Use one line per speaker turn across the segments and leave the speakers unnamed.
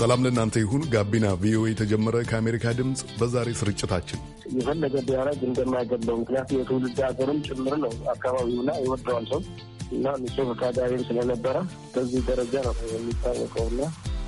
ሰላም ለእናንተ ይሁን። ጋቢና ቪኦኤ የተጀመረ ከአሜሪካ ድምፅ በዛሬ ስርጭታችን
የፈለገ ቢያረግ እንደማይገለው ምክንያቱ የትውልድ ሀገርም ጭምር ነው። አካባቢውና የወደዋል ሰው እና ንጹህ ፈቃዳዊም ስለነበረ በዚህ ደረጃ ነው የሚታወቀውና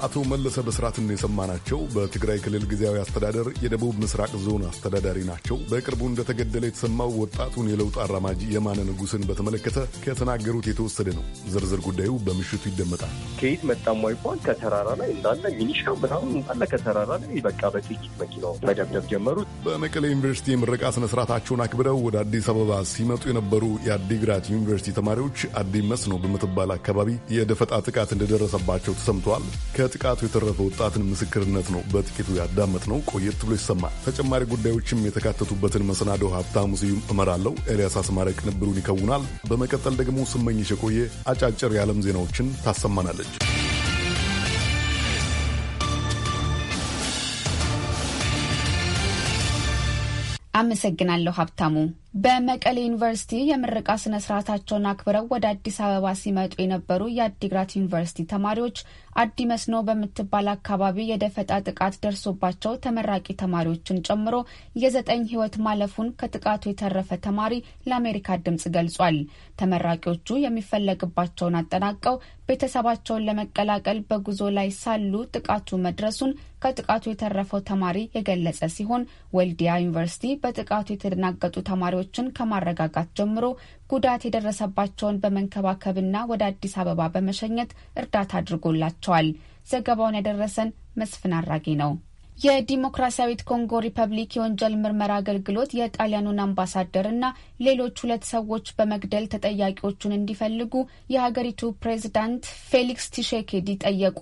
አቶ መለሰ በስርዓትን ናቸው። በትግራይ ክልል ጊዜያዊ አስተዳደር የደቡብ ምስራቅ ዞን አስተዳዳሪ ናቸው። በቅርቡ እንደተገደለ የተሰማው ወጣቱን የለውጥ አራማጅ የማነ ንጉሥን በተመለከተ ከተናገሩት የተወሰደ ነው። ዝርዝር ጉዳዩ በምሽቱ ይደመጣል።
ከየት መጣም አይኳን ከተራራ ላይ እንዳለ ሚኒሻ ምናምን እንዳለ ከተራራ ላይ በቃ በጥይት መኪናው መደብደብ ጀመሩት። በመቀሌ ዩኒቨርሲቲ
የምረቃ ስነስርዓታቸውን አክብረው ወደ አዲስ አበባ ሲመጡ የነበሩ የአዲግራት ዩኒቨርሲቲ ተማሪዎች አዲ መስኖ በምትባል አካባቢ የደፈጣ ጥቃት እንደደረሰባቸው ተሰምተዋል። ከጥቃቱ የተረፈ ወጣትን ምስክርነት ነው በጥቂቱ ነው ቆየት ብሎ ይሰማል። ተጨማሪ ጉዳዮችም የተካተቱበትን መሰናዶ ሀብታሙ ስዩም እመራለሁ። ኤልያስ አስማረ ቅንብሩን ይከውናል። በመቀጠል ደግሞ ስመኝሽ የቆየ አጫጭር የዓለም ዜናዎችን ታሰማናለች።
አመሰግናለሁ ሀብታሙ። በመቀሌ ዩኒቨርሲቲ የምረቃ ስነ ስርዓታቸውን አክብረው ወደ አዲስ አበባ ሲመጡ የነበሩ የአዲግራት ዩኒቨርሲቲ ተማሪዎች አዲ መስኖ በምትባል አካባቢ የደፈጣ ጥቃት ደርሶባቸው ተመራቂ ተማሪዎችን ጨምሮ የዘጠኝ ሕይወት ማለፉን ከጥቃቱ የተረፈ ተማሪ ለአሜሪካ ድምጽ ገልጿል። ተመራቂዎቹ የሚፈለግባቸውን አጠናቀው ቤተሰባቸውን ለመቀላቀል በጉዞ ላይ ሳሉ ጥቃቱ መድረሱን ከጥቃቱ የተረፈው ተማሪ የገለጸ ሲሆን ወልዲያ ዩኒቨርሲቲ በጥቃቱ የተደናገጡ ተማሪዎችን ከማረጋጋት ጀምሮ ጉዳት የደረሰባቸውን በመንከባከብና ወደ አዲስ አበባ በመሸኘት እርዳታ አድርጎላቸዋል። ዘገባውን ያደረሰን መስፍን አራጌ ነው። የዲሞክራሲያዊት ኮንጎ ሪፐብሊክ የወንጀል ምርመራ አገልግሎት የጣሊያኑን አምባሳደር እና ሌሎች ሁለት ሰዎች በመግደል ተጠያቂዎቹን እንዲፈልጉ የሀገሪቱ ፕሬዚዳንት ፌሊክስ ቲሼኬዲ ጠየቁ።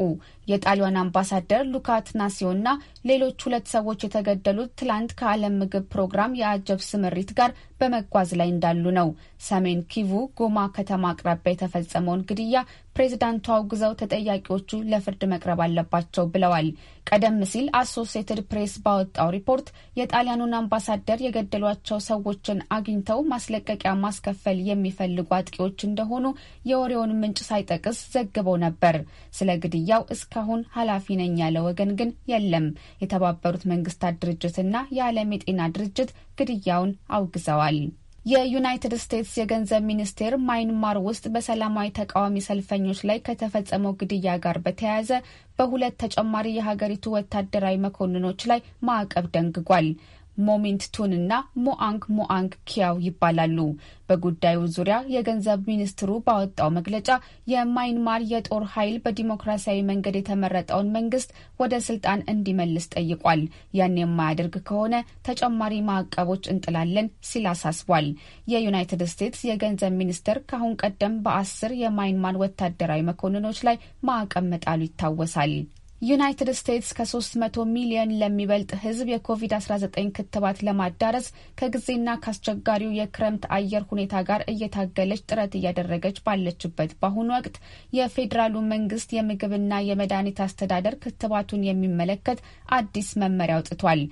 የጣሊያን አምባሳደር ሉካ ትናሲዮና ሌሎች ሁለት ሰዎች የተገደሉት ትላንት ከዓለም ምግብ ፕሮግራም የአጀብ ስምሪት ጋር በመጓዝ ላይ እንዳሉ ነው። ሰሜን ኪቩ ጎማ ከተማ አቅራቢያ የተፈጸመውን ግድያ ፕሬዝዳንቱ አውግዘው ተጠያቂዎቹ ለፍርድ መቅረብ አለባቸው ብለዋል። ቀደም ሲል አሶሴትድ ፕሬስ ባወጣው ሪፖርት የጣሊያኑን አምባሳደር የገደሏቸው ሰዎችን አግኝተው ማስለቀቂያ ማስከፈል የሚፈልጉ አጥቂዎች እንደሆኑ የወሬውን ምንጭ ሳይጠቅስ ዘግበው ነበር። ስለ ግድያው እስከ እስካሁን ኃላፊ ነኝ ያለ ወገን ግን የለም። የተባበሩት መንግስታት ድርጅትና የዓለም የጤና ድርጅት ግድያውን አውግዘዋል። የዩናይትድ ስቴትስ የገንዘብ ሚኒስቴር ማይንማር ውስጥ በሰላማዊ ተቃዋሚ ሰልፈኞች ላይ ከተፈጸመው ግድያ ጋር በተያያዘ በሁለት ተጨማሪ የሀገሪቱ ወታደራዊ መኮንኖች ላይ ማዕቀብ ደንግጓል። ሞሚንት ቱን እና ሞአንግ ሞአንግ ኪያው ይባላሉ። በጉዳዩ ዙሪያ የገንዘብ ሚኒስትሩ ባወጣው መግለጫ የማይንማር የጦር ኃይል በዲሞክራሲያዊ መንገድ የተመረጠውን መንግስት ወደ ስልጣን እንዲመልስ ጠይቋል። ያን የማያደርግ ከሆነ ተጨማሪ ማዕቀቦች እንጥላለን ሲል አሳስቧል። የዩናይትድ ስቴትስ የገንዘብ ሚኒስትር ከአሁን ቀደም በአስር የማይንማር ወታደራዊ መኮንኖች ላይ ማዕቀብ መጣሉ ይታወሳል። ዩናይትድ ስቴትስ ከ300 ሚሊዮን ለሚበልጥ ሕዝብ የኮቪድ-19 ክትባት ለማዳረስ ከጊዜና ከአስቸጋሪው የክረምት አየር ሁኔታ ጋር እየታገለች ጥረት እያደረገች ባለችበት በአሁኑ ወቅት የፌዴራሉ መንግስት የምግብና የመድኃኒት አስተዳደር ክትባቱን የሚመለከት አዲስ መመሪያ አውጥቷል።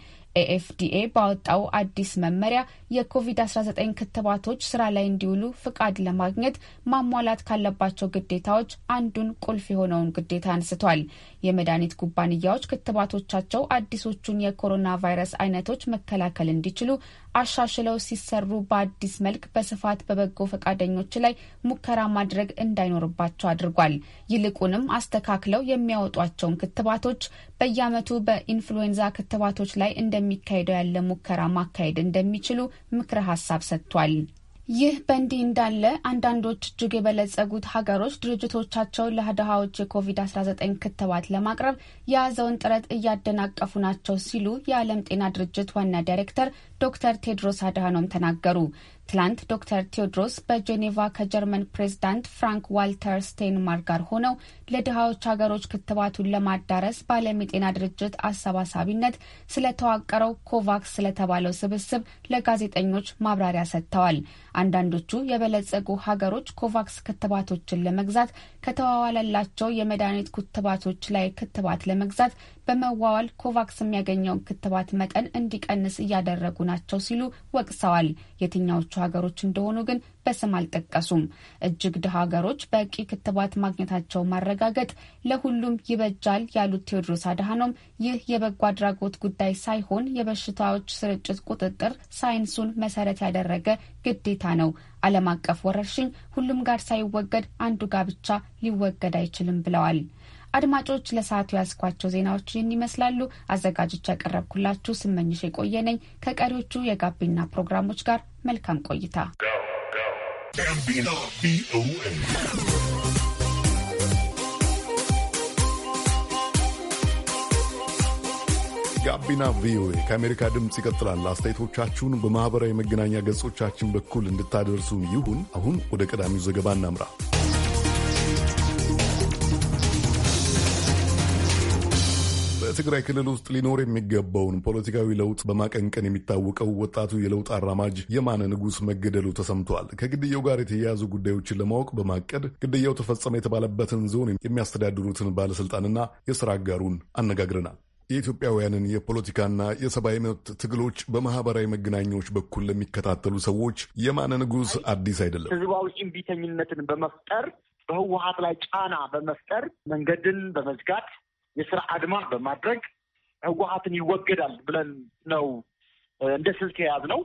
ኤኤፍዲኤ ባወጣው አዲስ መመሪያ የኮቪድ-19 ክትባቶች ስራ ላይ እንዲውሉ ፍቃድ ለማግኘት ማሟላት ካለባቸው ግዴታዎች አንዱን ቁልፍ የሆነውን ግዴታ አንስቷል። የመድኃኒት ኩባንያዎች ክትባቶቻቸው አዲሶቹን የኮሮና ቫይረስ አይነቶች መከላከል እንዲችሉ አሻሽለው ሲሰሩ በአዲስ መልክ በስፋት በበጎ ፈቃደኞች ላይ ሙከራ ማድረግ እንዳይኖርባቸው አድርጓል። ይልቁንም አስተካክለው የሚያወጧቸውን ክትባቶች በየዓመቱ በኢንፍሉዌንዛ ክትባቶች ላይ እንደሚካሄደው ያለ ሙከራ ማካሄድ እንደሚችሉ ምክረ ሀሳብ ሰጥቷል። ይህ በእንዲህ እንዳለ አንዳንዶች እጅግ የበለጸጉት ሀገሮች ድርጅቶቻቸው ለድሃዎች የኮቪድ-19 ክትባት ለማቅረብ የያዘውን ጥረት እያደናቀፉ ናቸው ሲሉ የዓለም ጤና ድርጅት ዋና ዳይሬክተር ዶክተር ቴድሮስ አድሃኖም ተናገሩ። ትላንት ዶክተር ቴዎድሮስ በጄኔቫ ከጀርመን ፕሬዝዳንት ፍራንክ ዋልተር ስቴንማር ጋር ሆነው ለድሃዎች ሀገሮች ክትባቱን ለማዳረስ በዓለም የጤና ድርጅት አሰባሳቢነት ስለተዋቀረው ኮቫክስ ስለተባለው ስብስብ ለጋዜጠኞች ማብራሪያ ሰጥተዋል። አንዳንዶቹ የበለጸጉ ሀገሮች ኮቫክስ ክትባቶችን ለመግዛት ከተዋዋለላቸው የመድኃኒት ክትባቶች ላይ ክትባት ለመግዛት በመዋዋል ኮቫክስ የሚያገኘውን ክትባት መጠን እንዲቀንስ እያደረጉ ናቸው ሲሉ ወቅሰዋል። የትኛዎቹ ሀገሮች እንደሆኑ ግን በስም አልጠቀሱም። እጅግ ድሃ ሀገሮች በቂ ክትባት ማግኘታቸው ማረጋገጥ ለሁሉም ይበጃል ያሉት ቴዎድሮስ አድሃኖም ይህ የበጎ አድራጎት ጉዳይ ሳይሆን የበሽታዎች ስርጭት ቁጥጥር ሳይንሱን መሰረት ያደረገ ግዴታ ነው። ዓለም አቀፍ ወረርሽኝ ሁሉም ጋር ሳይወገድ አንዱ ጋር ብቻ ሊወገድ አይችልም ብለዋል። አድማጮች ለሰዓቱ ያዝኳቸው ዜናዎች ይህን ይመስላሉ። አዘጋጆች ያቀረብኩላችሁ ስመኝሽ የቆየ ነኝ። ከቀሪዎቹ የጋቢና ፕሮግራሞች ጋር መልካም ቆይታ።
ጋቢና ቪኦኤ ከአሜሪካ ድምፅ ይቀጥላል። አስተያየቶቻችሁን በማኅበራዊ መገናኛ ገጾቻችን በኩል እንድታደርሱን ይሁን። አሁን ወደ ቀዳሚው ዘገባ እናምራ። በትግራይ ክልል ውስጥ ሊኖር የሚገባውን ፖለቲካዊ ለውጥ በማቀንቀን የሚታወቀው ወጣቱ የለውጥ አራማጅ የማነ ንጉሥ መገደሉ ተሰምቷል። ከግድያው ጋር የተያያዙ ጉዳዮችን ለማወቅ በማቀድ ግድያው ተፈጸመ የተባለበትን ዞን የሚያስተዳድሩትን ባለስልጣንና የስራ አጋሩን አነጋግረናል። የኢትዮጵያውያንን የፖለቲካና የሰብአዊ መብት ትግሎች በማህበራዊ መገናኛዎች በኩል ለሚከታተሉ ሰዎች የማነ ንጉሥ አዲስ አይደለም።
ህዝባዊ እምቢተኝነትን በመፍጠር በህወሀት ላይ ጫና በመፍጠር መንገድን በመዝጋት የስራ አድማ በማድረግ ህወሀትን ይወገዳል ብለን ነው እንደ ስልት የያዝነው።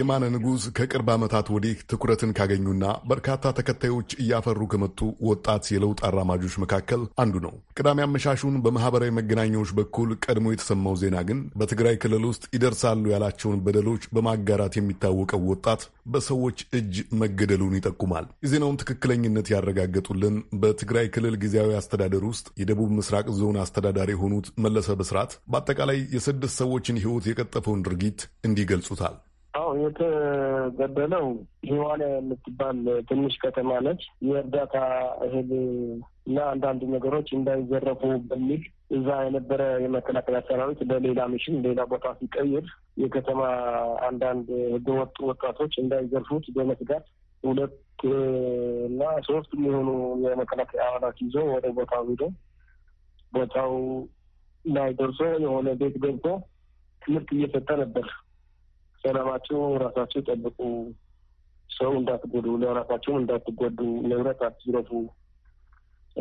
የማነ ንጉሥ ከቅርብ ዓመታት ወዲህ ትኩረትን ካገኙና በርካታ ተከታዮች እያፈሩ ከመጡ ወጣት የለውጥ አራማጆች መካከል አንዱ ነው። ቅዳሜ አመሻሹን በማህበራዊ መገናኛዎች በኩል ቀድሞ የተሰማው ዜና ግን በትግራይ ክልል ውስጥ ይደርሳሉ ያላቸውን በደሎች በማጋራት የሚታወቀው ወጣት በሰዎች እጅ መገደሉን ይጠቁማል። የዜናውን ትክክለኝነት ያረጋገጡልን በትግራይ ክልል ጊዜያዊ አስተዳደር ውስጥ የደቡብ ምስራቅ ዞን አስተዳዳሪ የሆኑት መለሰ ብስራት በአጠቃላይ የስድስት ሰዎችን ሕይወት የቀጠፈውን ድርጊት እንዲገልጹታል።
አዎ የተገደለው ህዋላ የምትባል ትንሽ ከተማ ነች። የእርዳታ እህል እና አንዳንድ ነገሮች እንዳይዘረፉ በሚል እዛ የነበረ የመከላከያ ሰራዊት በሌላ ሚሽን ሌላ ቦታ ሲቀይር የከተማ አንዳንድ ህገወጥ ወጣቶች እንዳይዘርፉት በመስጋት ሁለት እና ሶስት የሚሆኑ የመከላከያ አባላት ይዞ ወደ ቦታው ሄዶ ቦታው ላይ ደርሶ የሆነ ቤት ገብቶ ትምህርት እየሰጠ ነበር። ሰላማቸው ራሳቸው ጠብቁ፣ ሰው እንዳትጎዱ፣ ለራሳቸውም እንዳትጎዱ፣ ንብረት አትዝረፉ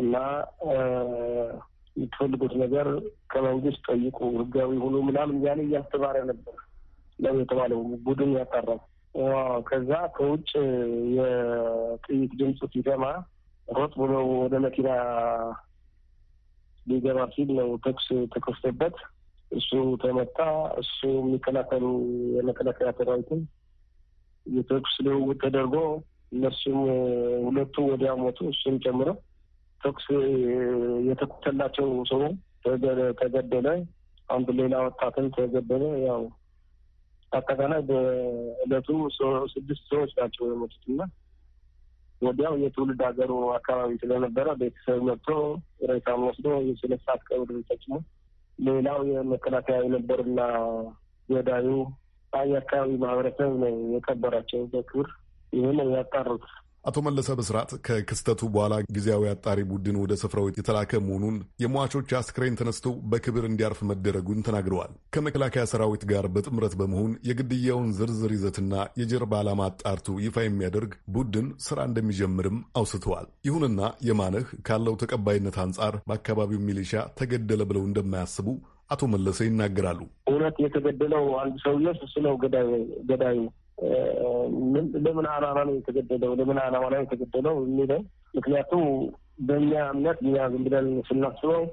እና የምትፈልጉት ነገር ከመንግስት ጠይቁ፣ ህጋዊ ሁኑ ምናምን እያለ እያስተማረ ነበር ነው የተባለው ቡድን ያጣራው። ከዛ ከውጭ የጥይት ድምፅ ሲሰማ ሮጥ ብሎ ወደ መኪና ሊገባ ሲል ነው ተኩስ ተከፍቶበት እሱ ተመታ። እሱ የሚከላከሉ የመከላከያ ሰራዊትን የተኩስ ልውውጥ ተደርጎ እነሱም ሁለቱ ወዲያ ሞቱ። እሱም ጨምረው ተኩስ የተኩተላቸው ሰው ተገደለ። አንድ ሌላ ወጣትን ተገደለ። ያው አጠቃላይ በእለቱ ስድስት ሰዎች ናቸው የሞቱት እና ወዲያው የትውልድ ሀገሩ አካባቢ ስለነበረ ቤተሰብ መጥቶ ሬሳም ወስዶ የስለሳት ቀብር ተጭሞ ሌላው የመከላከያ የነበርና ገዳዩ አካባቢ ማህበረሰብ ነው የቀበራቸው በክብር ይህን ያጣሩት።
አቶ መለሰ በስርዓት ከክስተቱ በኋላ ጊዜያዊ አጣሪ ቡድን ወደ ስፍራው የተላከ መሆኑን የሟቾች አስክሬን ተነስቶ በክብር እንዲያርፍ መደረጉን ተናግረዋል። ከመከላከያ ሰራዊት ጋር በጥምረት በመሆን የግድያውን ዝርዝር ይዘትና የጀርባ ዓላማ አጣርቱ ይፋ የሚያደርግ ቡድን ስራ እንደሚጀምርም አውስተዋል። ይሁንና የማነህ ካለው ተቀባይነት አንጻር በአካባቢው ሚሊሻ ተገደለ ብለው እንደማያስቡ አቶ መለሰ ይናገራሉ።
እውነት የተገደለው አንድ ሰውዬ እሱ ገዳዩ ለምን አላማ ነው የተገደለው? ለምን አላማ ነው የተገደለው የሚለው ምክንያቱም በእኛ እምነት እኛ ዝም ብለን ስናስበው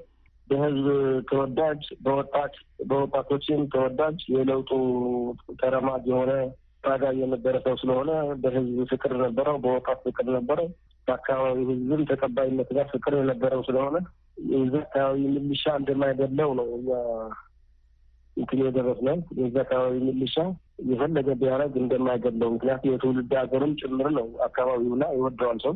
በህዝብ ተወዳጅ በወጣት በወጣቶችም ተወዳጅ የለውጡ ተረማጅ የሆነ ታጋይ የነበረ ሰው ስለሆነ በህዝብ ፍቅር ነበረው፣ በወጣት ፍቅር ነበረው። በአካባቢ ህዝብም ተቀባይነት ጋር ፍቅር የነበረው ስለሆነ የዚ አካባቢ ሚሊሻ እንደማይደለው ነው እኛ እንትን የደረስነው የዚ አካባቢ ሚሊሻ የፈለገ ቢያረግ እንደማይገለው ምክንያት የትውልድ ሀገርም ጭምር ነው አካባቢውና ይወደዋል ሰው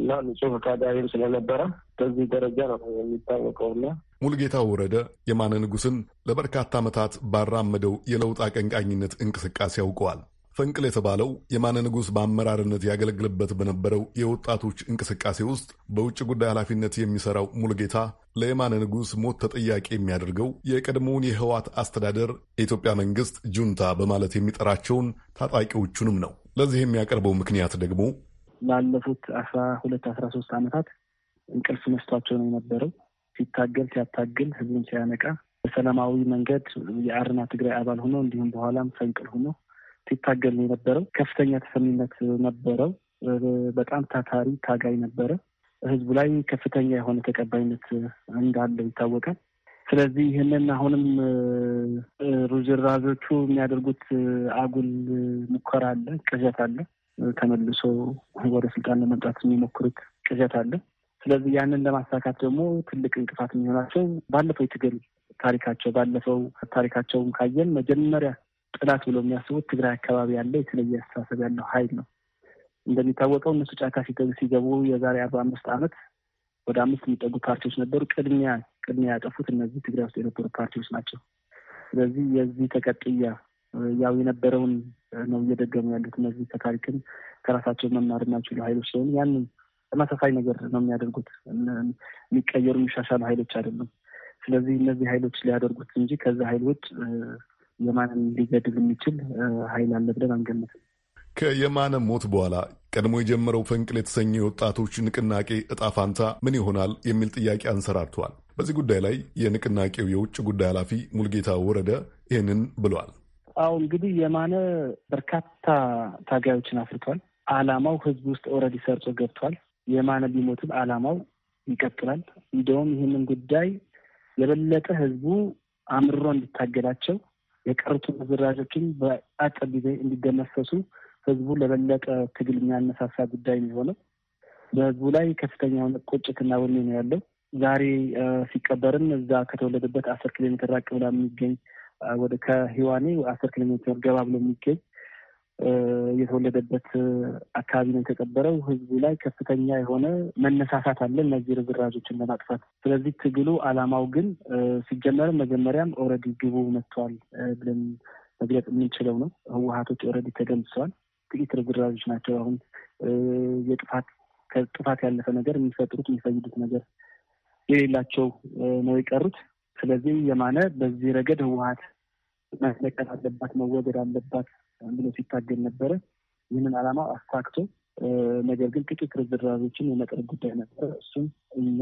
እና ንጹህ ፈቃዳዊም ስለነበረ በዚህ ደረጃ ነው የሚታወቀውና
ሙልጌታ ወረደ የማነ ንጉስን ለበርካታ ዓመታት ባራመደው የለውጥ አቀንቃኝነት እንቅስቃሴ ያውቀዋል። ፈንቅል የተባለው የማነ ንጉሥ በአመራርነት ያገለግልበት በነበረው የወጣቶች እንቅስቃሴ ውስጥ በውጭ ጉዳይ ኃላፊነት የሚሰራው ሙልጌታ ለየማነ ንጉሥ ሞት ተጠያቂ የሚያደርገው የቀድሞውን የህዋት አስተዳደር የኢትዮጵያ መንግሥት ጁንታ በማለት የሚጠራቸውን ታጣቂዎቹንም ነው። ለዚህ የሚያቀርበው ምክንያት ደግሞ
ላለፉት አስራ ሁለት አስራ ሶስት ዓመታት እንቅልፍ መስቷቸው ነው የነበረው። ሲታገል ሲያታግል ህዝቡን ሲያነቃ በሰላማዊ መንገድ የአርና ትግራይ አባል ሆኖ እንዲሁም በኋላም ፈንቅል ሆኖ ሲታገል ነው የነበረው። ከፍተኛ ተሰሚነት ነበረው። በጣም ታታሪ ታጋይ ነበረ። ህዝቡ ላይ ከፍተኛ የሆነ ተቀባይነት እንዳለው ይታወቃል። ስለዚህ ይህንን አሁንም ሩዝራዞቹ የሚያደርጉት አጉል ሙከራ አለ፣ ቅዠት አለ። ተመልሶ ወደ ስልጣን ለመምጣት የሚሞክሩት ቅዠት አለ። ስለዚህ ያንን ለማሳካት ደግሞ ትልቅ እንቅፋት የሚሆናቸው ባለፈው የትግል ታሪካቸው ባለፈው ታሪካቸውም ካየን መጀመሪያ ጥላት ብሎ የሚያስቡት ትግራይ አካባቢ ያለ የተለየ አስተሳሰብ ያለው ሀይል ነው። እንደሚታወቀው እነሱ ጫካ ሲገቡ የዛሬ አርባ አምስት ዓመት ወደ አምስት የሚጠጉ ፓርቲዎች ነበሩ። ቅድሚያ ቅድሚያ ያጠፉት እነዚህ ትግራይ ውስጥ የነበሩ ፓርቲዎች ናቸው። ስለዚህ የዚህ ተቀጥያ ያው የነበረውን ነው እየደገሙ ያሉት እነዚህ ከታሪክም ከራሳቸው መማር የማይችሉ ሀይሎች ሲሆኑ ያንን ተመሳሳይ ነገር ነው የሚያደርጉት። የሚቀየሩ የሚሻሻሉ ሀይሎች አይደሉም። ስለዚህ እነዚህ ሀይሎች ሊያደርጉት እንጂ ከዚ ሀይል ውጭ የማንን ሊገድል የሚችል ኃይል አለ ብለን አንገምትም።
ከየማነ ሞት በኋላ ቀድሞ የጀመረው ፈንቅል የተሰኘ የወጣቶች ንቅናቄ እጣ ፋንታ ምን ይሆናል የሚል ጥያቄ አንሰራርተዋል። በዚህ ጉዳይ ላይ የንቅናቄው የውጭ ጉዳይ ኃላፊ ሙልጌታ ወረደ ይህንን ብሏል።
አሁ እንግዲህ የማነ በርካታ ታጋዮችን አፍርቷል። አላማው ህዝብ ውስጥ ኦልሬዲ ሰርጾ ገብቷል። የማነ ቢሞትም አላማው ይቀጥላል። እንደውም ይህንን ጉዳይ የበለጠ ህዝቡ አምርሮ እንዲታገላቸው የቀሩትን ዝራዦችን በአጭር ጊዜ እንዲደመሰሱ ህዝቡ ለበለጠ ትግል የሚያነሳሳ ጉዳይ የሚሆነው በህዝቡ ላይ ከፍተኛ የሆነ ቁጭትና ወኔ ነው ያለው። ዛሬ ሲቀበርም እዛ ከተወለደበት አስር ኪሎ ሜትር ራቅ ብላ የሚገኝ ወደ ከህዋኔ አስር ኪሎ ሜትር ገባ ብሎ የሚገኝ የተወለደበት አካባቢ ነው የተቀበረው። ህዝቡ ላይ ከፍተኛ የሆነ መነሳሳት አለ እነዚህ ርዝራዦችን ለማጥፋት። ስለዚህ ትግሉ አላማው ግን ሲጀመርም መጀመሪያም ኦልሬዲ ግቡ መጥተዋል ብለን መግለጽ የምንችለው ነው። ህወሀቶች ኦልሬዲ ተደምሰዋል። ጥቂት ርዝራዦች ናቸው አሁን የጥፋት ከጥፋት ያለፈ ነገር የሚፈጥሩት የሚፈይዱት ነገር የሌላቸው ነው የቀሩት። ስለዚህ የማነ በዚህ ረገድ ህወሀት መነቀል አለባት መወገድ አለባት ብሎ ሲታገል ነበረ። ይህንን ዓላማ አሳክቶ ነገር ግን ጥቂት ርዝራዞችን የመቅረብ ጉዳይ ነበረ። እሱም እኛ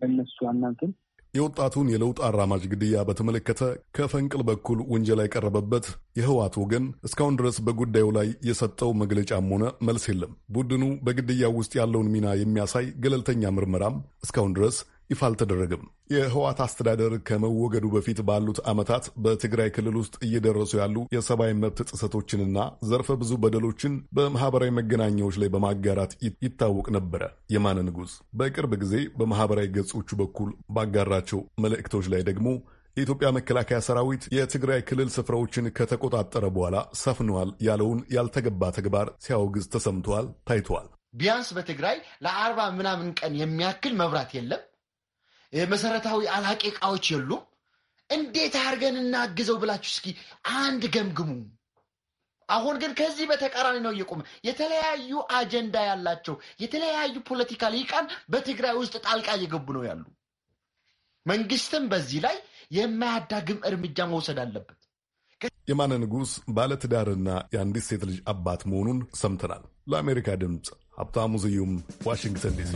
በነሱ አናንትን
የወጣቱን የለውጥ አራማጅ ግድያ በተመለከተ ከፈንቅል በኩል ውንጀላ የቀረበበት የህዋት ወገን እስካሁን ድረስ በጉዳዩ ላይ የሰጠው መግለጫም ሆነ መልስ የለም። ቡድኑ በግድያው ውስጥ ያለውን ሚና የሚያሳይ ገለልተኛ ምርመራም እስካሁን ድረስ ይፋ አልተደረገም። የህዋት አስተዳደር ከመወገዱ በፊት ባሉት ዓመታት በትግራይ ክልል ውስጥ እየደረሱ ያሉ የሰብአዊ መብት ጥሰቶችንና ዘርፈ ብዙ በደሎችን በማህበራዊ መገናኛዎች ላይ በማጋራት ይታወቅ ነበረ። የማነ ንጉሥ በቅርብ ጊዜ በማህበራዊ ገጾቹ በኩል ባጋራቸው መልእክቶች ላይ ደግሞ የኢትዮጵያ መከላከያ ሰራዊት የትግራይ ክልል ስፍራዎችን ከተቆጣጠረ በኋላ ሰፍነዋል ያለውን ያልተገባ ተግባር ሲያወግዝ ተሰምተዋል፣ ታይተዋል።
ቢያንስ በትግራይ ለአርባ
ምናምን ቀን የሚያክል መብራት የለም መሰረታዊ አላቂ እቃዎች የሉም። እንዴት አድርገን እናግዘው ብላችሁ እስኪ አንድ ገምግሙ። አሁን ግን ከዚህ በተቃራኒ ነው እየቆመ የተለያዩ አጀንዳ ያላቸው የተለያዩ ፖለቲካ
ሊቃን በትግራይ ውስጥ ጣልቃ እየገቡ ነው ያሉ። መንግስትም በዚህ ላይ የማያዳግም እርምጃ መውሰድ አለበት። የማነ ንጉሥ ባለትዳርና የአንዲት ሴት ልጅ አባት መሆኑን ሰምተናል። ለአሜሪካ ድምፅ ሀብታሙ ዝዩም ዋሽንግተን ዲሲ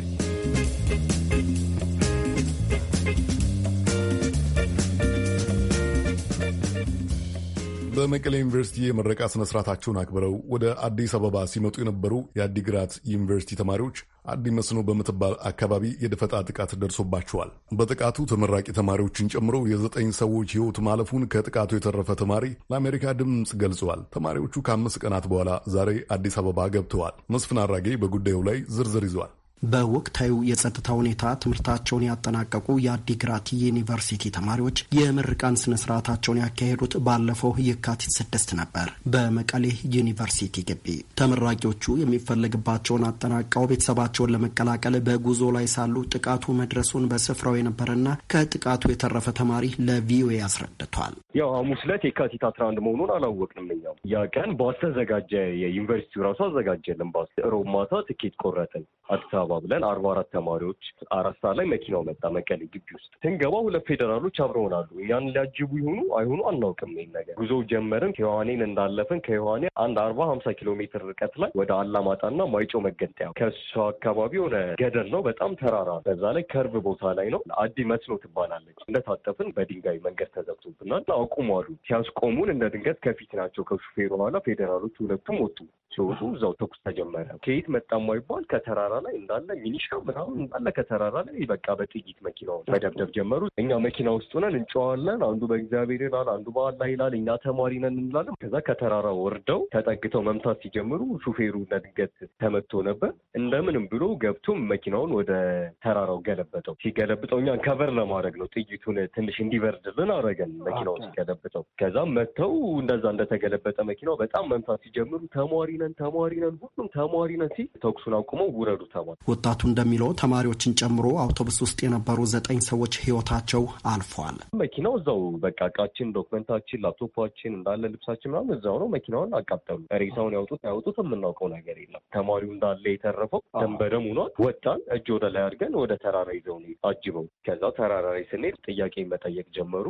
በመቀሌ ዩኒቨርሲቲ የምረቃ ስነስርዓታቸውን አክብረው ወደ አዲስ አበባ ሲመጡ የነበሩ የአዲግራት ዩኒቨርሲቲ ተማሪዎች አዲ መስኖ በምትባል አካባቢ የደፈጣ ጥቃት ደርሶባቸዋል። በጥቃቱ ተመራቂ ተማሪዎችን ጨምሮ የዘጠኝ ሰዎች ሕይወት ማለፉን ከጥቃቱ የተረፈ ተማሪ ለአሜሪካ ድምፅ ገልጸዋል። ተማሪዎቹ ከአምስት ቀናት በኋላ ዛሬ አዲስ አበባ ገብተዋል። መስፍን አራጌ በጉዳዩ ላይ ዝርዝር ይዘዋል።
በወቅታዊ የጸጥታ ሁኔታ ትምህርታቸውን ያጠናቀቁ የአዲግራት ዩኒቨርሲቲ ተማሪዎች የምርቃን ስነ ስርዓታቸውን ያካሄዱት ባለፈው የካቲት ስድስት ነበር በመቀሌ ዩኒቨርሲቲ ግቢ። ተመራቂዎቹ የሚፈለግባቸውን አጠናቀው ቤተሰባቸውን ለመቀላቀል በጉዞ ላይ ሳሉ ጥቃቱ መድረሱን በስፍራው የነበረና ከጥቃቱ የተረፈ ተማሪ ለቪኦኤ አስረድቷል።
ያው ሐሙስ ዕለት የካቲት አስራ አንድ መሆኑን አላወቅንም። እኛም ያ ቀን ባስ ተዘጋጀ፣ የዩኒቨርሲቲው ራሱ አዘጋጀልን ባስ። ሮብ ማታ ትኬት ቆረጥን አዲስ አበባ ብለን አርባ አራት ተማሪዎች አራት ሰዓት ላይ መኪናው መጣ። መቀሌ ግቢ ውስጥ ስንገባ ሁለት ፌዴራሎች አብረውን አሉ። እኛን ሊያጅቡ ይሆኑ አይሆኑ አናውቅም። ይል ነገር ጉዞው ጀመርን። ከዮሐኔን እንዳለፍን ከዮሐኔ አንድ አርባ ሀምሳ ኪሎ ሜትር ርቀት ላይ ወደ አላማጣና ማይጮ መገንጠያ ከሱ አካባቢ የሆነ ገደል ነው። በጣም ተራራ በዛ ላይ ከርብ ቦታ ላይ ነው። አዲ መስሎ ትባላለች። እንደታጠፍን በድንጋይ መንገድ ተዘግቶብናል። አቁሙ አሉ። ሲያስቆሙን እንደ ድንገት ከፊት ናቸው ከሹፌሩ ኋላ ፌዴራሎች ሁለቱም ወጡ። ሲወጡ እዛው ተኩስ ተጀመረ። ከየት መጣ ማይባል ከተራራ ላይ እንዳለ ሚኒሻ ምናምን እንዳለ ከተራራ ላይ በቃ በጥይት መኪናውን መደብደብ ጀመሩ። እኛ መኪና ውስጥ ሆነን እንጨዋለን። አንዱ በእግዚአብሔር ይላል፣ አንዱ በአላህ ይላል፣ እኛ ተማሪ ነን እንላለን። ከዛ ከተራራ ወርደው ተጠግተው መምታት ሲጀምሩ ሹፌሩ ድንገት ተመቶ ነበር። እንደምንም ብሎ ገብቶም መኪናውን ወደ ተራራው ገለበጠው። ሲገለብጠው እኛን ከበር ለማድረግ ነው ጥይቱን ትንሽ እንዲበርድልን አረገን መኪናውን ሲገለብጠው። ከዛም መጥተው እንደዛ እንደተገለበጠ መኪናው በጣም መምታት ሲጀምሩ ተማሪ ነን ተማሪ ነን ሁሉም ተማሪ ነን ሲል ተኩሱን አቁመው ውረዱ ተባለ።
ወጣቱ እንደሚለው ተማሪዎችን ጨምሮ አውቶቡስ ውስጥ የነበሩ ዘጠኝ ሰዎች ህይወታቸው አልፏል።
መኪናው እዛው በቃ እቃችን፣ ዶክመንታችን፣ ላፕቶፓችን እንዳለ ልብሳችን ምናምን እዛው ነው። መኪናውን አቃጠሉ። ሬሳውን ያውጡት ያውጡት የምናውቀው ነገር የለም። ተማሪው እንዳለ የተረፈው ደም በደም ሆኗል። ወጣን እጅ ወደ ላይ አድርገን ወደ ተራራ ይዘው አጅበው ከዛ ተራራ ላይ ስንሄድ ጥያቄ መጠየቅ ጀመሩ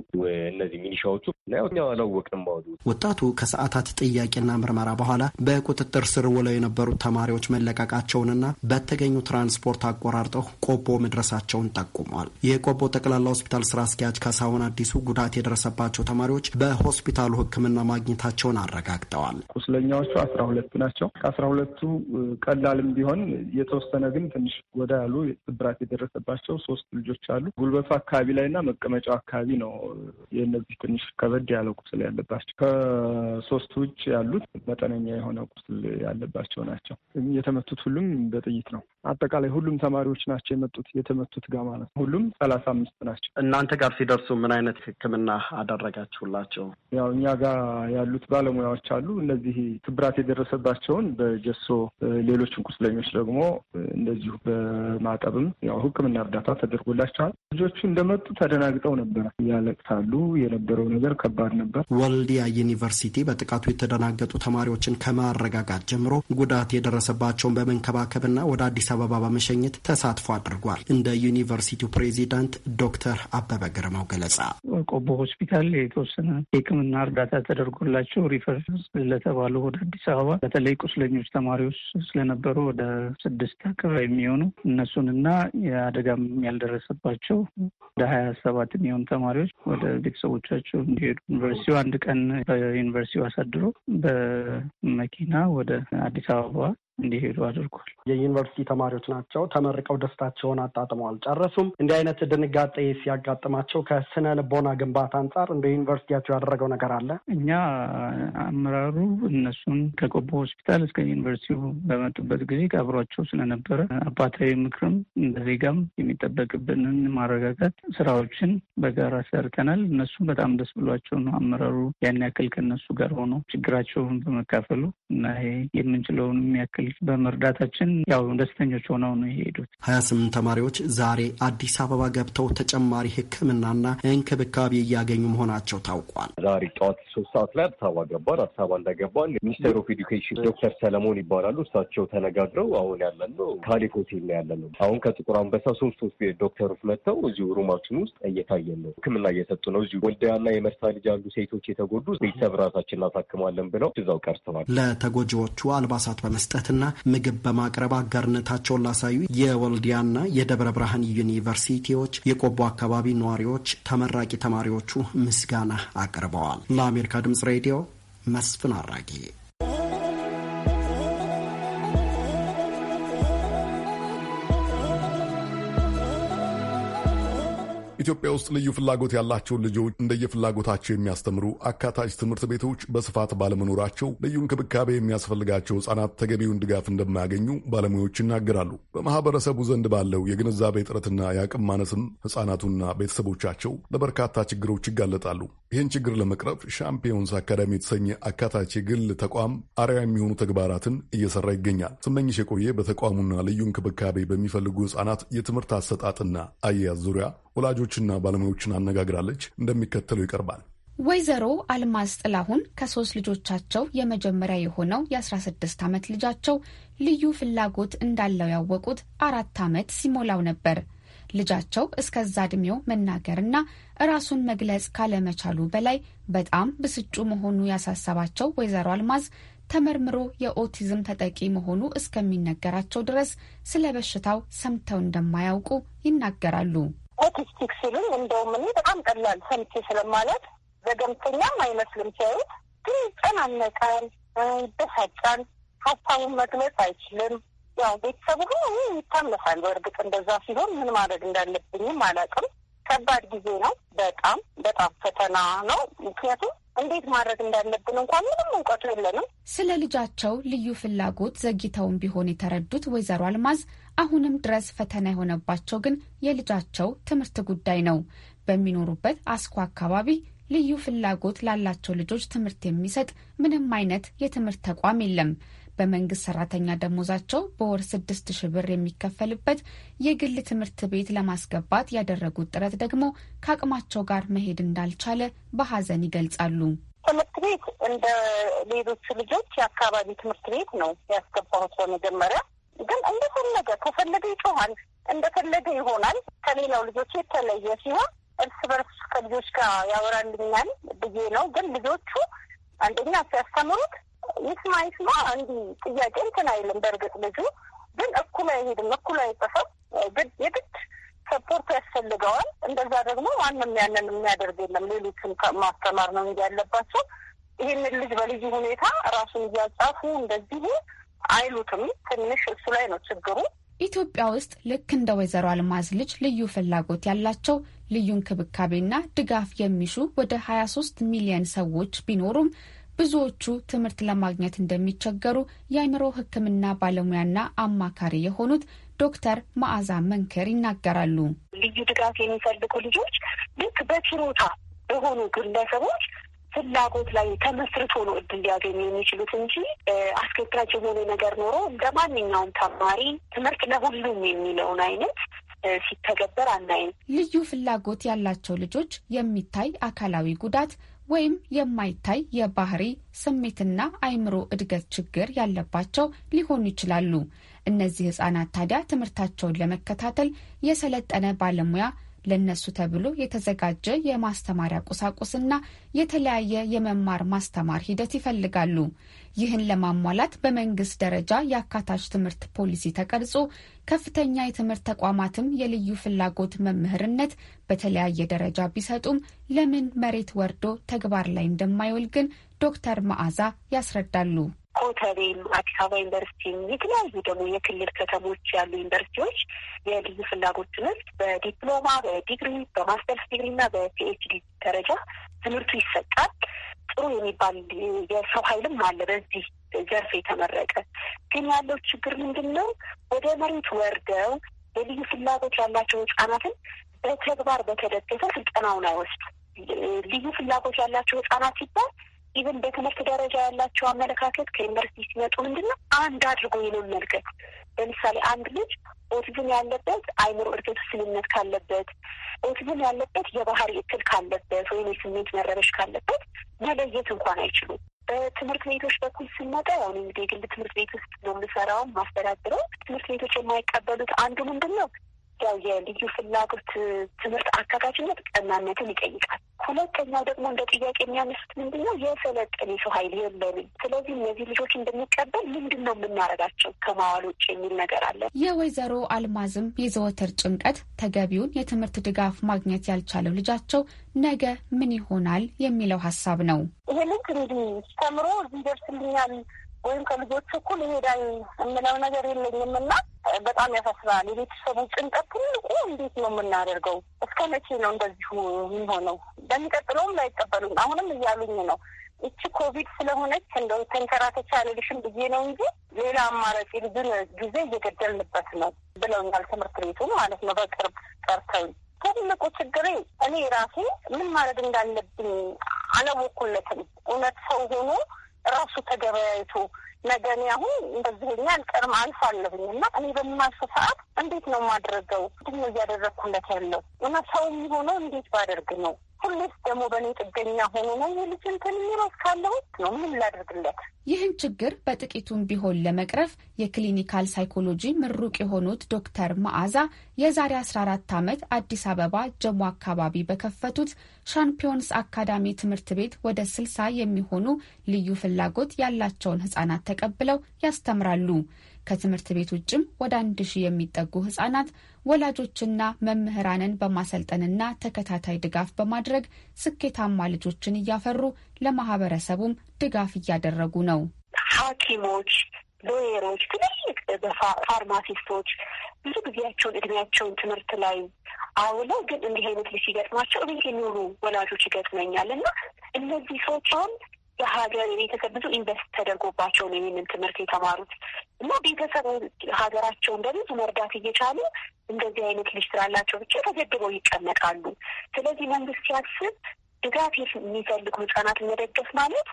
እነዚህ ሚኒሻዎቹ። እኛ አላወቅንም አሉ።
ወጣቱ ከሰዓታት ጥያቄና ምርመራ በኋላ በቁ ቁጥጥር ስር ውለው የነበሩት ተማሪዎች መለቀቃቸውንና በተገኙ ትራንስፖርት አቆራርጠው ቆቦ መድረሳቸውን ጠቁመዋል። የቆቦ ጠቅላላ ሆስፒታል ስራ አስኪያጅ ከሳሁን አዲሱ ጉዳት የደረሰባቸው ተማሪዎች በሆስፒታሉ ሕክምና ማግኘታቸውን አረጋግጠዋል።
ቁስለኛዎቹ አስራ ሁለቱ ናቸው። ከአስራ ሁለቱ ቀላልም ቢሆን የተወሰነ ግን ትንሽ ጎዳ ያሉ ስብራት የደረሰባቸው ሶስት ልጆች አሉ። ጉልበቱ አካባቢ ላይ እና መቀመጫው አካባቢ ነው የእነዚህ ትንሽ ከበድ ያለው ቁስል ያለባቸው። ከሶስቱ ውጭ ያሉት መጠነኛ የሆነ ቁስል ቁስል ያለባቸው ናቸው። የተመቱት ሁሉም በጥይት ነው። አጠቃላይ ሁሉም ተማሪዎች ናቸው የመጡት የተመቱት ጋር ማለት ነው። ሁሉም ሰላሳ አምስት ናቸው።
እናንተ ጋር ሲደርሱ ምን አይነት ሕክምና አደረጋችሁላቸው?
ያው እኛ ጋር ያሉት ባለሙያዎች አሉ። እነዚህ ክብራት የደረሰባቸውን በጀሶ ሌሎችን ቁስለኞች ደግሞ እንደዚሁ በማጠብም ያው ሕክምና እርዳታ ተደርጎላቸዋል። ልጆቹ እንደመጡ ተደናግጠው ነበር፣ ያለቅሳሉ። የነበረው ነገር ከባድ ነበር። ወልዲያ ዩኒቨርሲቲ በጥቃቱ የተደናገጡ ተማሪዎችን
ከማረጋ ከማረጋጋት ጀምሮ ጉዳት የደረሰባቸውን በመንከባከብና ወደ አዲስ አበባ በመሸኘት ተሳትፎ አድርጓል። እንደ ዩኒቨርሲቲው ፕሬዚዳንት ዶክተር አበበ ግርማው ገለጻ
ቆቦ ሆስፒታል የተወሰነ የሕክምና እርዳታ ተደርጎላቸው ሪፈረንስ ለተባሉ ወደ አዲስ አበባ በተለይ ቁስለኞች ተማሪዎች ስለነበሩ ወደ ስድስት አካባቢ የሚሆኑ እነሱንና የአደጋም ያልደረሰባቸው ወደ ሀያ ሰባት የሚሆኑ ተማሪዎች ወደ ቤተሰቦቻቸው እንዲሄዱ ዩኒቨርሲቲው አንድ ቀን በዩኒቨርሲቲው አሳድሮ በመኪና ወደ አዲስ አበባ እንዲሄዱ አድርጓል። የዩኒቨርሲቲ ተማሪዎች ናቸው። ተመርቀው
ደስታቸውን አጣጥመዋል። ጨረሱም እንዲህ አይነት ድንጋጤ ሲያጋጥማቸው ከስነ ልቦና ግንባታ አንጻር እንደ ዩኒቨርሲቲያቸው ያደረገው ነገር አለ።
እኛ አመራሩ እነሱን ከቆቦ ሆስፒታል እስከ ዩኒቨርሲቲው በመጡበት ጊዜ ቀብሯቸው ስለነበረ አባታዊ ምክርም እንደ ዜጋም የሚጠበቅብንን ማረጋጋት ስራዎችን በጋራ ሰርተናል። እነሱ በጣም ደስ ብሏቸው ነው አመራሩ ያን ያክል ከእነሱ ጋር ሆኖ ችግራቸውን በመካፈሉ እና ይሄ የምንችለውን የሚያክል በመርዳታችን ያው ደስተኞች ሆነው ነው የሄዱት።
ሀያ ስምንት ተማሪዎች ዛሬ አዲስ አበባ ገብተው ተጨማሪ ሕክምናና እንክብካቤ እያገኙ መሆናቸው ታውቋል።
ዛሬ ጠዋት ሶስት ሰዓት ላይ አዲስ አበባ ገባን። አዲስ አበባ እንደገባን ሚኒስቴር ኦፍ ኤዱኬሽን ዶክተር ሰለሞን ይባላሉ። እሳቸው ተነጋግረው አሁን ያለን ያለነው ካሌክ ሆቴል ነው ያለነው። አሁን ከጥቁር አንበሳ ሶስት ሶስት ዶክተሮች መጥተው እዚሁ ሩማችን ውስጥ እየታየን ነው፣ ሕክምና እየሰጡ ነው። እዚሁ ወልዲያና የመርሳ ልጅ ያሉ ሴቶች የተጎዱ ቤተሰብ ራሳችን እናሳክማለን ብለው እዛው ቀርተዋል።
ለተጎጂዎቹ አልባሳት በመስጠት በመምራትና ምግብ በማቅረብ አጋርነታቸውን ላሳዩ የወልዲያና የደብረ ብርሃን ዩኒቨርሲቲዎች የቆቦ አካባቢ ነዋሪዎች፣ ተመራቂ ተማሪዎቹ ምስጋና አቅርበዋል። ለአሜሪካ ድምጽ ሬዲዮ መስፍን አራጌ
ኢትዮጵያ ውስጥ ልዩ ፍላጎት ያላቸውን ልጆች እንደየፍላጎታቸው የሚያስተምሩ አካታች ትምህርት ቤቶች በስፋት ባለመኖራቸው ልዩ እንክብካቤ የሚያስፈልጋቸው ሕጻናት ተገቢውን ድጋፍ እንደማያገኙ ባለሙያዎች ይናገራሉ። በማህበረሰቡ ዘንድ ባለው የግንዛቤ እጥረትና የአቅም ማነስም ሕጻናቱና ቤተሰቦቻቸው ለበርካታ ችግሮች ይጋለጣሉ። ይህን ችግር ለመቅረፍ ሻምፒዮንስ አካዳሚ የተሰኘ አካታች የግል ተቋም አርያ የሚሆኑ ተግባራትን እየሰራ ይገኛል። ስመኝሽ የቆየ በተቋሙና ልዩ እንክብካቤ በሚፈልጉ ህጻናት የትምህርት አሰጣጥና አያያዝ ዙሪያ ወላጆችና ባለሙያዎችን አነጋግራለች። እንደሚከተለው ይቀርባል።
ወይዘሮ አልማዝ ጥላሁን ከሶስት ልጆቻቸው የመጀመሪያ የሆነው የ16 ዓመት ልጃቸው ልዩ ፍላጎት እንዳለው ያወቁት አራት ዓመት ሲሞላው ነበር። ልጃቸው እስከዛ ዕድሜው መናገርና ራሱን መግለጽ ካለመቻሉ በላይ በጣም ብስጩ መሆኑ ያሳሰባቸው ወይዘሮ አልማዝ ተመርምሮ የኦቲዝም ተጠቂ መሆኑ እስከሚነገራቸው ድረስ ስለ በሽታው ሰምተው እንደማያውቁ ይናገራሉ። ኦቲስቲክ ሲሉኝ እንደውም እኔ በጣም ቀላል ሰምቼ
ስለማለት ዘገምተኛም አይመስልም። ሲያዩት ግን ይጨናነቃል፣ ይበሳጫል፣ ሀሳቡን መግለጽ አይችልም። ያው ቤተሰቡ ግን ይታመሳል። በእርግጥ እንደዛ ሲሆን ምን ማድረግ እንዳለብኝም አላውቅም። ከባድ ጊዜ ነው። በጣም በጣም ፈተና ነው። ምክንያቱም እንዴት ማድረግ እንዳለብን እንኳን ምንም እውቀቱ የለንም።
ስለ ልጃቸው ልዩ ፍላጎት ዘግይተውም ቢሆን የተረዱት ወይዘሮ አልማዝ አሁንም ድረስ ፈተና የሆነባቸው ግን የልጃቸው ትምህርት ጉዳይ ነው። በሚኖሩበት አስኮ አካባቢ ልዩ ፍላጎት ላላቸው ልጆች ትምህርት የሚሰጥ ምንም አይነት የትምህርት ተቋም የለም። በመንግስት ሰራተኛ ደሞዛቸው በወር ስድስት ሺ ብር የሚከፈልበት የግል ትምህርት ቤት ለማስገባት ያደረጉት ጥረት ደግሞ ከአቅማቸው ጋር መሄድ እንዳልቻለ በሀዘን ይገልጻሉ። ትምህርት ቤት እንደ ሌሎቹ ልጆች
የአካባቢ ትምህርት ቤት ነው ያስገባሁት። በመጀመሪያ ግን እንደፈለገ ከፈለገ ይጮሃል፣ እንደፈለገ ይሆናል። ከሌላው ልጆች የተለየ ሲሆን እርስ በርስ ከልጆች ጋር ያወራልኛል ብዬ ነው። ግን ልጆቹ አንደኛ ሲያስተምሩት ይስማ ይስማ አንዱ ጥያቄ እንትን አይልም። በእርግጥ ልጁ ግን እኩል አይሄድም፣ እኩል አይጠፋም። የግድ ሰፖርት ያስፈልገዋል። እንደዛ ደግሞ ማንም ያንን የሚያደርግ የለም። ሌሎችን ማስተማር ነው እንጂ ያለባቸው ይህንን ልጅ በልዩ ሁኔታ ራሱን እያጻፉ እንደዚሁ አይሉትም። ትንሽ እሱ ላይ ነው ችግሩ።
ኢትዮጵያ ውስጥ ልክ እንደ ወይዘሮ አልማዝ ልጅ ልዩ ፍላጎት ያላቸው ልዩ እንክብካቤና ድጋፍ የሚሹ ወደ 23 ሚሊዮን ሰዎች ቢኖሩም ብዙዎቹ ትምህርት ለማግኘት እንደሚቸገሩ የአእምሮ ሕክምና ባለሙያና አማካሪ የሆኑት ዶክተር መዓዛ መንከር ይናገራሉ።
ልዩ ድጋፍ የሚፈልጉ ልጆች
ልክ በችሮታ
በሆኑ ግለሰቦች ፍላጎት ላይ ተመስርቶ ነው እድል ሊያገኙ የሚችሉት እንጂ አስገዳጅ የሆነ ነገር ኖሮ እንደ ማንኛውም ተማሪ ትምህርት ለሁሉም የሚለውን
አይነት ሲተገበር አናይም። ልዩ ፍላጎት ያላቸው ልጆች የሚታይ አካላዊ ጉዳት ወይም የማይታይ የባህሪ ስሜትና አእምሮ እድገት ችግር ያለባቸው ሊሆኑ ይችላሉ። እነዚህ ህጻናት ታዲያ ትምህርታቸውን ለመከታተል የሰለጠነ ባለሙያ ለነሱ ተብሎ የተዘጋጀ የማስተማሪያ ቁሳቁስና የተለያየ የመማር ማስተማር ሂደት ይፈልጋሉ። ይህን ለማሟላት በመንግስት ደረጃ የአካታች ትምህርት ፖሊሲ ተቀርጾ ከፍተኛ የትምህርት ተቋማትም የልዩ ፍላጎት መምህርነት በተለያየ ደረጃ ቢሰጡም ለምን መሬት ወርዶ ተግባር ላይ እንደማይውል ግን ዶክተር መዓዛ ያስረዳሉ።
ኮተቤም፣ አዲስ አበባ ዩኒቨርሲቲም የተለያዩ ደግሞ የክልል ከተሞች ያሉ ዩኒቨርሲቲዎች የልዩ ፍላጎት ትምህርት በዲፕሎማ፣ በዲግሪ፣ በማስተርስ ዲግሪ እና በፒኤችዲ ደረጃ ትምህርቱ ይሰጣል። ጥሩ የሚባል የሰው ኃይልም አለ በዚህ ዘርፍ የተመረቀ። ግን ያለው ችግር ምንድን ነው? ወደ መሬት ወርደው የልዩ ፍላጎት ያላቸው ህጻናትን በተግባር በተደገፈ ስልጠናውን አይወስዱ። ልዩ ፍላጎት ያላቸው ህጻናት ሲባል ኢቨን በትምህርት ደረጃ ያላቸው አመለካከት ከዩኒቨርሲቲ ሲመጡ ምንድን ነው አንድ አድርጎ የመመልከት ለምሳሌ አንድ ልጅ ኦቲዝም ያለበት አይምሮ እድገት ውስንነት ካለበት፣ ኦቲዝም ያለበት የባህሪ እክል ካለበት ወይም የስሜት መረበሽ ካለበት መለየት እንኳን አይችሉም። በትምህርት ቤቶች በኩል ስንመጣ ያሁን እንግዲህ የግል ትምህርት ቤት ውስጥ ነው የምሰራውም ማስተዳድረው። ትምህርት ቤቶች የማይቀበሉት አንዱ ምንድን ነው ያው የልዩ ፍላጎት ትምህርት አካታችነት ቀናነትን ይጠይቃል። ሁለተኛው ደግሞ እንደ ጥያቄ የሚያነሱት ምንድን ነው የሰለጠነ የሰው ኃይል የለንም። ስለዚህ እነዚህ ልጆች እንደሚቀበል ምንድን ነው የምናደርጋቸው ከማዋል ውጭ የሚል ነገር አለ።
የወይዘሮ አልማዝም የዘወትር ጭንቀት ተገቢውን የትምህርት ድጋፍ ማግኘት ያልቻለው ልጃቸው ነገ ምን ይሆናል የሚለው ሀሳብ ነው።
ይሄንን እንግዲህ ተምሮ እዚህ ደርስልኛል ወይም ከልጆቹ እኩል ይሄዳል የምለው ነገር የለኝም እና በጣም ያሳስባል። የቤተሰቡ ጭንቀት ትልቁ እንዴት ነው የምናደርገው? እስከ መቼ ነው እንደዚሁ የሚሆነው? በሚቀጥለውም ላይቀበሉኝ አሁንም እያሉኝ ነው። እቺ ኮቪድ ስለሆነች እንደው ተንከራተች አልልሽም ብዬ ነው እንጂ ሌላ አማራጭ ልጁን ጊዜ እየገደልንበት ነው ብለውኛል። ትምህርት ቤቱ ማለት ነው በቅርብ ጠርተውኝ ትልቁ ችግሬ እኔ ራሴ ምን ማድረግ እንዳለብኝ አላወኩለትም። እውነት ሰው ሆኖ ራሱ ተገበያይቶ ነገን አሁን እንደዚህ ኛ አልቀርም አልፍ አለብኝ እና እኔ በማልፍ ሰዓት እንዴት ነው ማድረገው? ምንድን ነው እያደረግኩለት ያለው እና ሰው የሚሆነው እንዴት ባደርግ ነው ሁሌስ ደግሞ
በእኔ ጥገኛ ሆኖ ነው የልጅ እንትን የሚመስካለሁት ነው ምን ላድርግለት። ይህን ችግር በጥቂቱም ቢሆን ለመቅረፍ የክሊኒካል ሳይኮሎጂ ምሩቅ የሆኑት ዶክተር መዓዛ የዛሬ 14 ዓመት አዲስ አበባ ጀሞ አካባቢ በከፈቱት ሻምፒዮንስ አካዳሚ ትምህርት ቤት ወደ 60 የሚሆኑ ልዩ ፍላጎት ያላቸውን ህጻናት ተቀብለው ያስተምራሉ። ከትምህርት ቤት ውጭም ወደ አንድ ሺህ የሚጠጉ ህጻናት ወላጆችና መምህራንን በማሰልጠንና ተከታታይ ድጋፍ በማድረግ ስኬታማ ልጆችን እያፈሩ ለማህበረሰቡም ድጋፍ እያደረጉ ነው።
ሐኪሞች፣ ሎየሮች፣ ትልልቅ ፋርማሲስቶች ብዙ ጊዜያቸውን እድሜያቸውን ትምህርት ላይ አውለው ግን እንዲህ አይነት ልጅ ሲገጥማቸው እቤት የሚውሉ ወላጆች ይገጥመኛል እና እነዚህ ሰዎች አሁን የሀገር ቤተሰብ ብዙ ኢንቨስት ተደርጎባቸው ነው ይህንን ትምህርት የተማሩት እና ቤተሰብ ሀገራቸውን በብዙ መርዳት እየቻሉ እንደዚህ አይነት ልጅ ስላላቸው ብቻ ተገድበው ይቀመጣሉ። ስለዚህ መንግስት ሲያስብ ድጋፍ የሚፈልጉ ህጻናት መደገፍ ማለት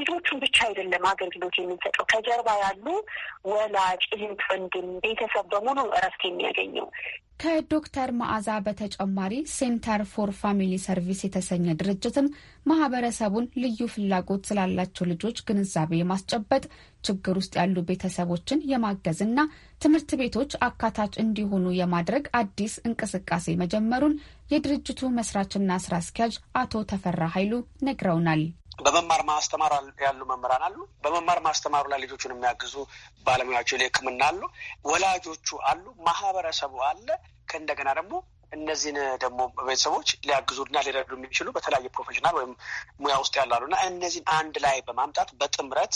ልጆቹን ብቻ አይደለም አገልግሎት የምንሰጠው ከጀርባ ያሉ ወላጅ፣ እህት፣ ወንድም፣ ቤተሰብ በሙሉ እረፍት የሚያገኘው
ከዶክተር መዓዛ በተጨማሪ ሴንተር ፎር ፋሚሊ ሰርቪስ የተሰኘ ድርጅትም ማህበረሰቡን ልዩ ፍላጎት ስላላቸው ልጆች ግንዛቤ የማስጨበጥ ችግር ውስጥ ያሉ ቤተሰቦችን የማገዝና ትምህርት ቤቶች አካታች እንዲሆኑ የማድረግ አዲስ እንቅስቃሴ መጀመሩን የድርጅቱ መስራችና ስራ አስኪያጅ አቶ ተፈራ ኃይሉ ነግረውናል።
በመማር ማስተማር ያሉ መምህራን አሉ። በመማር ማስተማሩ ላይ ልጆቹን የሚያግዙ ባለሙያዎች ሕክምና አሉ። ወላጆቹ አሉ። ማህበረሰቡ አለ። ከእንደገና ደግሞ እነዚህን ደግሞ ቤተሰቦች ሊያግዙና ሊረዱ የሚችሉ በተለያየ ፕሮፌሽናል ወይም ሙያ ውስጥ ያሉ አሉና እነዚህን አንድ ላይ በማምጣት በጥምረት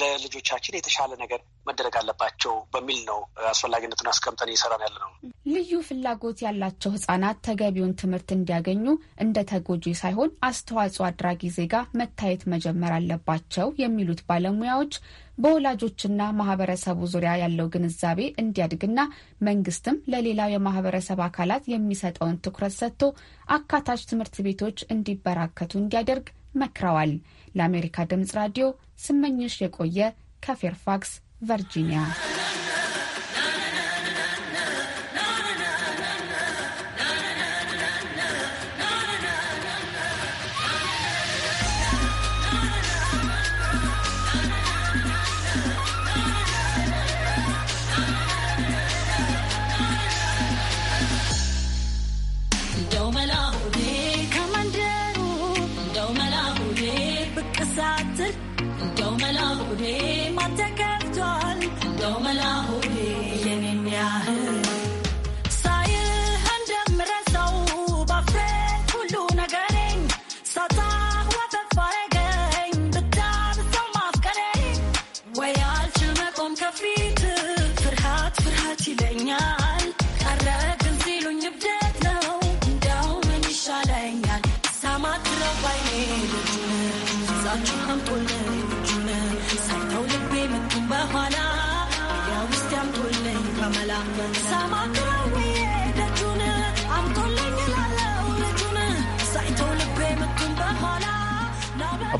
ለልጆቻችን የተሻለ ነገር መደረግ አለባቸው በሚል ነው አስፈላጊነቱን አስቀምጠን እየሰራን ያለ ነው።
ልዩ ፍላጎት ያላቸው ህጻናት ተገቢውን ትምህርት እንዲያገኙ እንደ ተጎጂ ሳይሆን አስተዋጽኦ አድራጊ ዜጋ መታየት መጀመር አለባቸው የሚሉት ባለሙያዎች በወላጆችና ማህበረሰቡ ዙሪያ ያለው ግንዛቤ እንዲያድግና መንግስትም ለሌላው የማህበረሰብ አካላት የሚሰጠውን ትኩረት ሰጥቶ አካታች ትምህርት ቤቶች እንዲበራከቱ እንዲያደርግ መክረዋል። ለአሜሪካ ድምጽ ራዲዮ ስመኝሽ የቆየ ከፌርፋክስ ቨርጂኒያ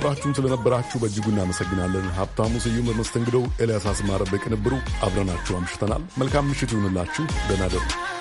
አብራችሁን ስለነበራችሁ በእጅጉ እናመሰግናለን። ሀብታሙ ስዩም በመስተንግዶው፣ ኤልያስ አስማረ በቅንብሩ አብረናችሁ አምሽተናል። መልካም ምሽት ይሁንላችሁ። ደህና ደሩ።